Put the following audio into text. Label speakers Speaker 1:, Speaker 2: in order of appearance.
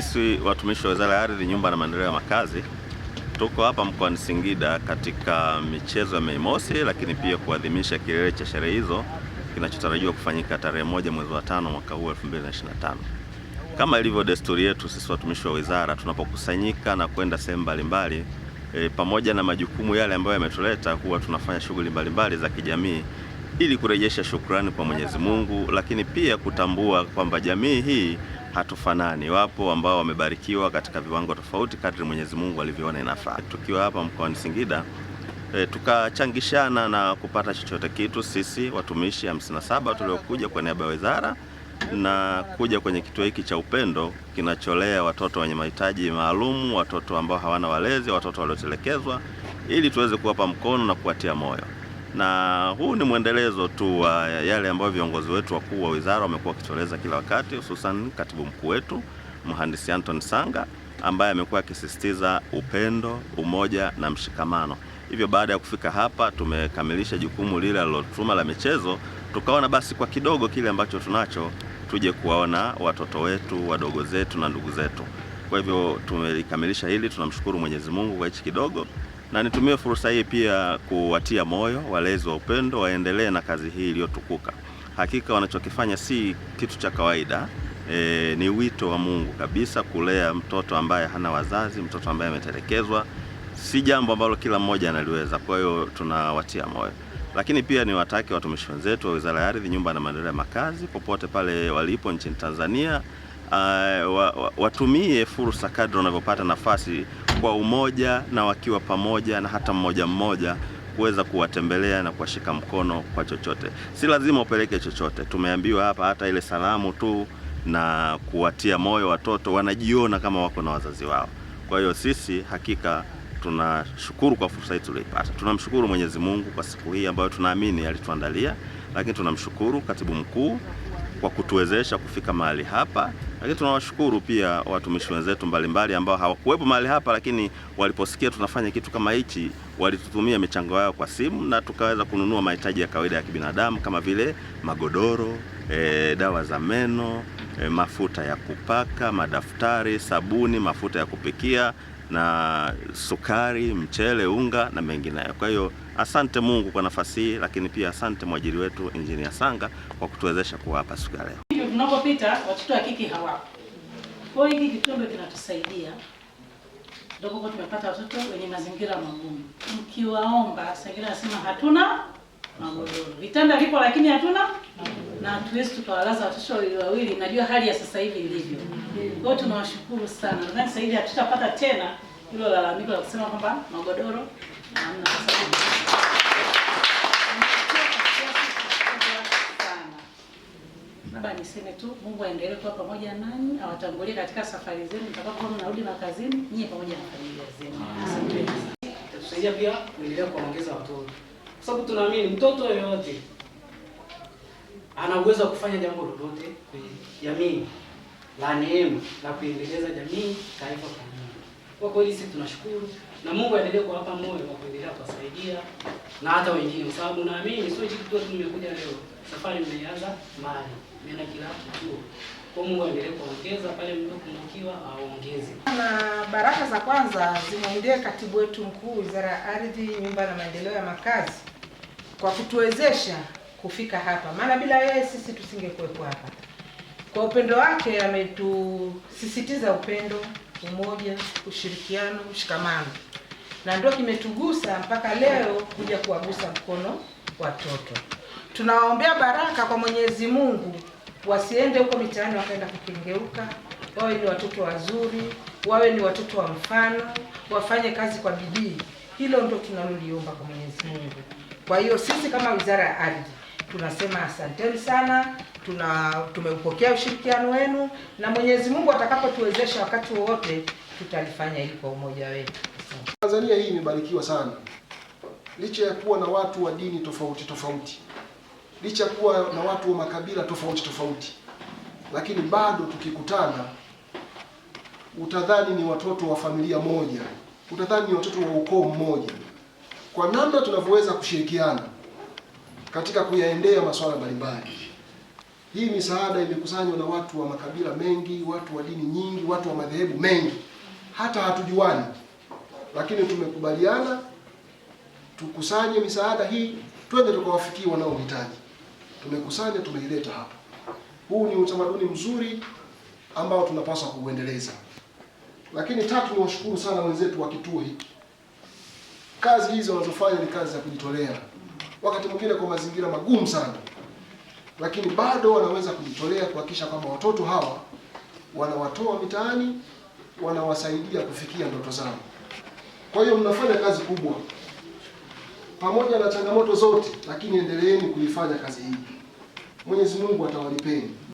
Speaker 1: Sisi watumishi wa Wizara ya Ardhi, Nyumba na Maendeleo ya Makazi tuko hapa mkoani Singida katika michezo ya Mei Mosi, lakini pia kuadhimisha kilele cha sherehe hizo kinachotarajiwa kufanyika tarehe moja mwezi wa tano mwaka huu 2025. Kama ilivyo desturi yetu, sisi watumishi wa wizara tunapokusanyika na kwenda sehemu mbalimbali e, pamoja na majukumu yale ambayo yametuleta, huwa tunafanya shughuli mbalimbali za kijamii ili kurejesha shukrani kwa Mwenyezi Mungu, lakini pia kutambua kwamba jamii hii hatufanani. Wapo ambao wamebarikiwa katika viwango tofauti kadri Mwenyezi Mungu alivyoona inafaa. Tukiwa hapa mkoani Singida e, tukachangishana na kupata chochote kitu sisi watumishi 57 tuliokuja kwa niaba ya wizara na kuja kwenye kituo hiki cha Upendo kinacholea watoto wenye mahitaji maalum, watoto ambao hawana walezi, watoto waliotelekezwa, ili tuweze kuwapa mkono na kuwatia moyo na huu ni mwendelezo tu wa yale ambayo viongozi wetu wakuu wa wizara wamekuwa wakitueleza kila wakati, hususan katibu mkuu wetu mhandisi Anton Sanga ambaye amekuwa akisisitiza upendo, umoja na mshikamano. Hivyo baada ya kufika hapa tumekamilisha jukumu lile alilotuma la michezo, tukaona basi kwa kidogo kile ambacho tunacho tuje kuwaona watoto wetu, wadogo zetu na ndugu zetu. Kwa hivyo tumelikamilisha hili, tunamshukuru Mwenyezi Mungu kwa hichi kidogo na nitumie fursa hii pia kuwatia moyo walezi wa upendo waendelee na kazi hii iliyotukuka. Hakika wanachokifanya si kitu cha kawaida. E, ni wito wa Mungu kabisa kulea mtoto ambaye hana wazazi, mtoto ambaye ametelekezwa, si jambo ambalo kila mmoja analiweza. Kwa hiyo tunawatia moyo, lakini pia ni watake watumishi wenzetu wa Wizara ya Ardhi, Nyumba na Maendeleo ya Makazi, popote pale walipo nchini Tanzania uh, watumie fursa kadri wanavyopata nafasi kwa umoja na wakiwa pamoja na hata mmoja mmoja kuweza kuwatembelea na kuwashika mkono kwa chochote. Si lazima upeleke chochote, tumeambiwa hapa, hata ile salamu tu na kuwatia moyo watoto, wanajiona kama wako na wazazi wao. Kwa hiyo sisi hakika tunashukuru kwa fursa hii tulioipata. Tunamshukuru Mwenyezi Mungu kwa siku hii ambayo tunaamini alituandalia, lakini tunamshukuru katibu mkuu kwa kutuwezesha kufika mahali hapa, lakini tunawashukuru pia watumishi wenzetu mbalimbali ambao hawakuwepo mahali hapa, lakini waliposikia tunafanya kitu kama hichi walitutumia michango yao kwa simu na tukaweza kununua mahitaji ya kawaida ya kibinadamu kama vile magodoro, e, dawa za meno, e, mafuta ya kupaka, madaftari, sabuni, mafuta ya kupikia na sukari, mchele, unga na mengineyo. Kwa hiyo Asante Mungu kwa nafasi hii, lakini pia asante mwajiri wetu Injinia Sanga kwa kutuwezesha kuwa hapa siku ya leo.
Speaker 2: Hivyo tunapopita watoto wa kike hawapo. Kwa hiyo hiki kitendo kinatusaidia ndogo kwa tumepata watoto wenye mazingira magumu. Mkiwaomba sengine nasema hatuna magodoro, vitanda vipo lakini hatuna na hatuwezi tukawalaza watoto wawili wawili. Najua hali ya sasa hivi ilivyo. Kwa hiyo tunawashukuru sana, nadhani sasa hivi hatutapata tena hilo lalamiko la kusema kwamba magodoro hamna. labda niseme tu, Mungu aendelee kuwa pamoja nanyi, awatangulie katika safari zenu, mtakapokuwa mnarudi makazini nyie pamoja na familia zenu. Asanteni sana.
Speaker 3: Tusaidia pia kuendelea kuongeza watoto, kwa sababu tunaamini mtoto yeyote ana uwezo wa kufanya jambo lolote kwenye jamii la neema la kuendeleza jamii, taifa kwa. Kwa kweli sisi tunashukuru na Mungu aendelee kuwapa moyo wa kuendelea kuwasaidia na hata wengine, kwa sababu naamini sio hiki kituo tu nimekuja leo, safari mmeianza mbali, mmeenda kila kituo. Kwa Mungu aendelee kuongeza pale mlipopungukiwa, aongeze.
Speaker 4: Na baraka za kwanza zimwendee katibu wetu mkuu, Wizara ya Ardhi, Nyumba na Maendeleo ya Makazi, kwa kutuwezesha kufika hapa, maana bila yeye sisi tusingekuwepo hapa. Kwa upendo wake ametusisitiza upendo, umoja, ushirikiano, mshikamano na ndio kimetugusa mpaka leo kuja kuwagusa mkono watoto. Tunawaombea baraka kwa Mwenyezi Mungu, wasiende huko mitaani wakaenda kukengeuka, wawe ni watoto wazuri, wawe ni watoto wa mfano, wafanye kazi kwa bidii. Hilo ndio tunaloliomba kwa Mwenyezi Mungu. Kwa hiyo sisi kama Wizara ya Ardhi tunasema asanteni sana, tuna tumeupokea ushirikiano wenu, na Mwenyezi Mungu atakapotuwezesha wakati wowote tutalifanya hili kwa umoja wetu.
Speaker 5: Tanzania hii imebarikiwa sana, licha ya kuwa na watu wa dini tofauti tofauti, licha ya kuwa na watu wa makabila tofauti tofauti, lakini bado tukikutana utadhani ni watoto wa familia moja, utadhani ni watoto wa ukoo mmoja, kwa namna tunavyoweza kushirikiana katika kuyaendea masuala mbalimbali. Hii misaada imekusanywa na watu wa makabila mengi, watu wa dini nyingi, watu wa madhehebu mengi, hata hatujuani lakini tumekubaliana tukusanye misaada hii, twende tukawafikia wanaohitaji. Tumekusanya, tumeileta hapa. Huu ni utamaduni mzuri ambao tunapaswa kuuendeleza. Lakini tatu, niwashukuru sana wenzetu wa kituo hiki. Kazi hizi wanazofanya ni kazi za kujitolea, wakati mwingine kwa mazingira magumu sana, lakini bado wanaweza kujitolea kuhakikisha kwamba watoto hawa wanawatoa mitaani, wanawasaidia kufikia ndoto zao. Kwa hiyo mnafanya kazi kubwa pamoja na changamoto zote, lakini endeleeni kuifanya kazi hii. Mwenyezi Mungu atawalipeni.